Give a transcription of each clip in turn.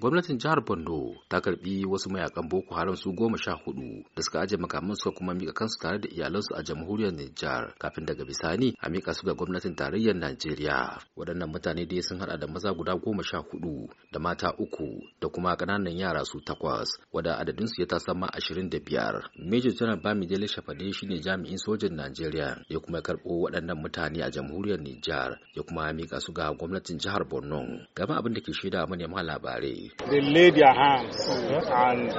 gwamnatin jihar borno ta karbi wasu mayakan boko haram su goma sha hudu da suka ajiye makaman suka kuma mika kansu tare da iyalansu a jamhuriyar nijar kafin daga bisani a mika su ga gwamnatin tarayyar najeriya waɗannan mutane dai sun hada da maza guda goma sha hudu da mata uku da kuma ƙananan yara su takwas wada adadinsu ya tasa ma ashirin da biyar major general jele shafade shine jami'in sojin najeriya ya kuma karɓo waɗannan mutane a jamhuriyar nijar ya kuma mika su ga gwamnatin jihar borno gama abin da ke shaida manema labarai They lay their hands and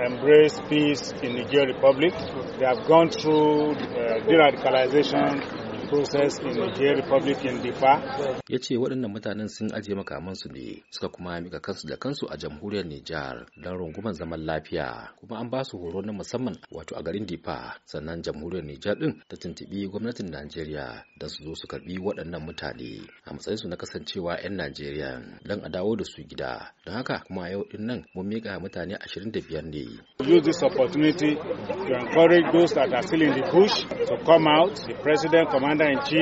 embrace peace in the Niger Republic. They have gone through uh, radicalization. process in Niger Republic in Difa. Ya ce waɗannan mutanen sun aje makamansu ne suka kuma mika kansu da kansu a jamhuriyar Nijar don runguman zaman lafiya kuma an ba su horo na musamman wato a garin Difa sannan jamhuriyar Nijar din ta tuntubi gwamnatin Najeriya don su zo su karbi waɗannan mutane a matsayin su na kasancewa 'yan Najeriya don a dawo da su gida don haka kuma yau din nan mun mika mutane 25 ne. Use this opportunity to encourage those that are still in the bush to come out. The president command 战斗机。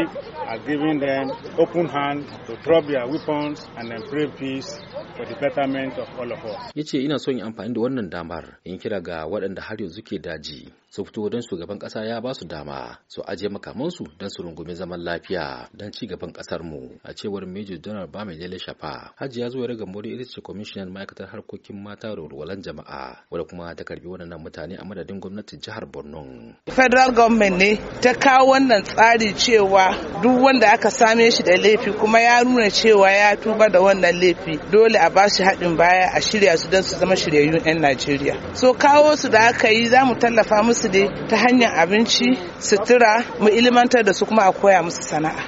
are giving them open hand to drop their weapons and then pray peace for the betterment of all of us. Ya ce ina son yin amfani da wannan damar in kira ga waɗanda har yanzu ke daji su fito don shugaban ƙasa ya ba su dama su ajiye makamansu don su rungumi zaman lafiya don ci gaban ƙasar mu a cewar Major General Bami Lele Shafa. Hajji ya zo ya raga Mori ita ce ma'aikatar harkokin mata da walwalan jama'a wadda kuma ta karbi waɗannan mutane a madadin gwamnatin jihar Borno. Federal government ne ta kawo wannan tsari cewa duk duk wanda aka same shi da laifi kuma ya nuna cewa ya tuba da wannan laifi dole a ba shi haɗin baya a shirya su don su zama shiryayyun 'yan Najeriya. So kawo su da aka yi za mu tallafa musu ne ta hanyar abinci, sutura, mu ilimantar da su kuma a koya musu sana'a.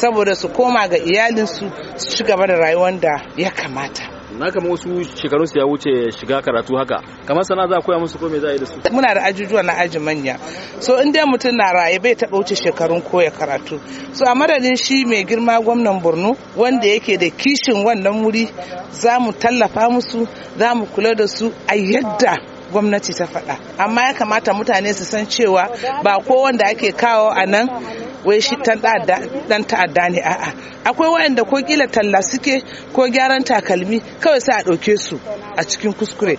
Saboda su koma ga iyalinsu su ci gaba da rayuwar da ya kamata. na kama wasu shekarun su ya wuce shiga karatu haka kamar sana za a koya musu ko me za a yi da su muna da ajujuwa na aji manya so in dai mutum na raye bai taɓa wuce shekarun koya karatu so a madadin shi mai girma gwamnan borno wanda yake da kishin wannan wuri za mu tallafa musu za mu kula da su a yadda gwamnati ta faɗa amma ya kamata mutane su san cewa ba kowanda ake kawo a nan wai shi ta dan ta'adda ne a'a akwai wayanda ko kila talla suke ko gyaran takalmi kawai sai a ɗauke su a cikin kuskure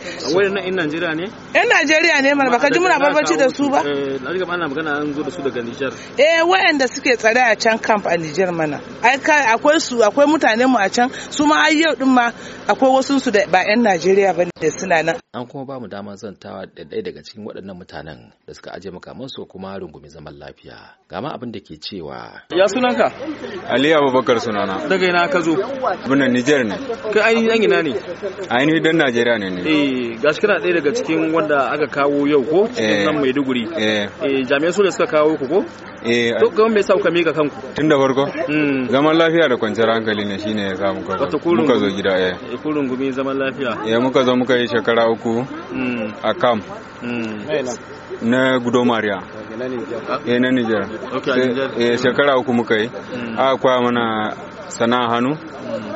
na in Najeriya ne yan Najeriya ne mana baka ji muna barbaci da su ba eh ana magana an zo da su daga Niger eh wayanda suke tsare a can camp a Niger mana ai akwai su akwai mutanen mu a can su ma ai yau din ma akwai wasu su da ba yan Najeriya bane da suna nan an kuma ba mu damar zantawa da ɗaya daga cikin waɗannan mutanen da suka aje su kuma rungumi zaman lafiya ga ma abin da ke cewa ya sunanka Ali Abubakar sunana daga ina ka zo bunan Niger ne kai ainihin ina ne ainihin dan Najeriya ne ne. Eh gashi kana ɗaya daga cikin wanda aka kawo yau ko cikin eh. nan Maiduguri. Eh. eh jami'an soja suka kawo ku ko? Eh to kuma me yasa kuka mika kanku? Tun da farko? Hmm. Zaman lafiya da kwanciyar hankali ne shine ya samu Wato kurun Muka zo gida eh. eh kurun gumi zaman lafiya. Eh muka zo muka yi shekara uku hmm. a kam. Hmm. Na Gudo Maria. Eh na Nijar. Eh shekara uku muka yi. Aka kwa mana Sana hannu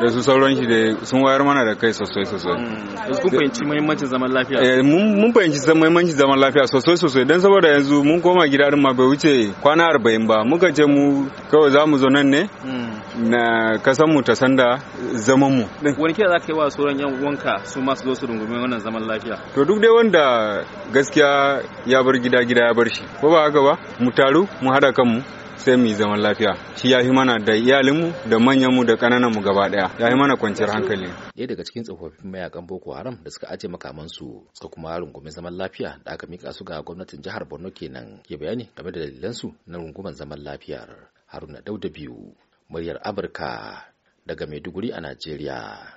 da su sauran shi da sun wayar mana da kai sosai sosai mm. kun fahimci muhimmancin zaman lafiya eh, mun fahimci muhimmancin zaman lafiya sosai sosai don saboda yanzu mun koma gida din ma bai wuce kwana arba'in ba muka ce mu kawai za mu zo nan ne mm. na kasan mu ta sanda zaman mu wani kira za ka yi wa sauran yan uwanka su masu zo su rungume wannan zaman lafiya to duk dai wanda gaskiya ya bar gida gida ya bar shi ko ba haka ba mu taru mu hada kanmu sai mu lafiya shi ya fi mana da iyalinmu da manyanmu da ƙanananmu gaba ɗaya ya yi mana kwanciyar hankali ɗaya daga cikin tsofaffin mayakan boko haram da suka ajiye makamansu suka kuma rungumin zaman lafiya da aka mika su ga gwamnatin jihar borno kenan ke bayani game da dalilansu na rungumar zaman lafiyar haruna dauda biyu muryar amurka daga maiduguri a najeriya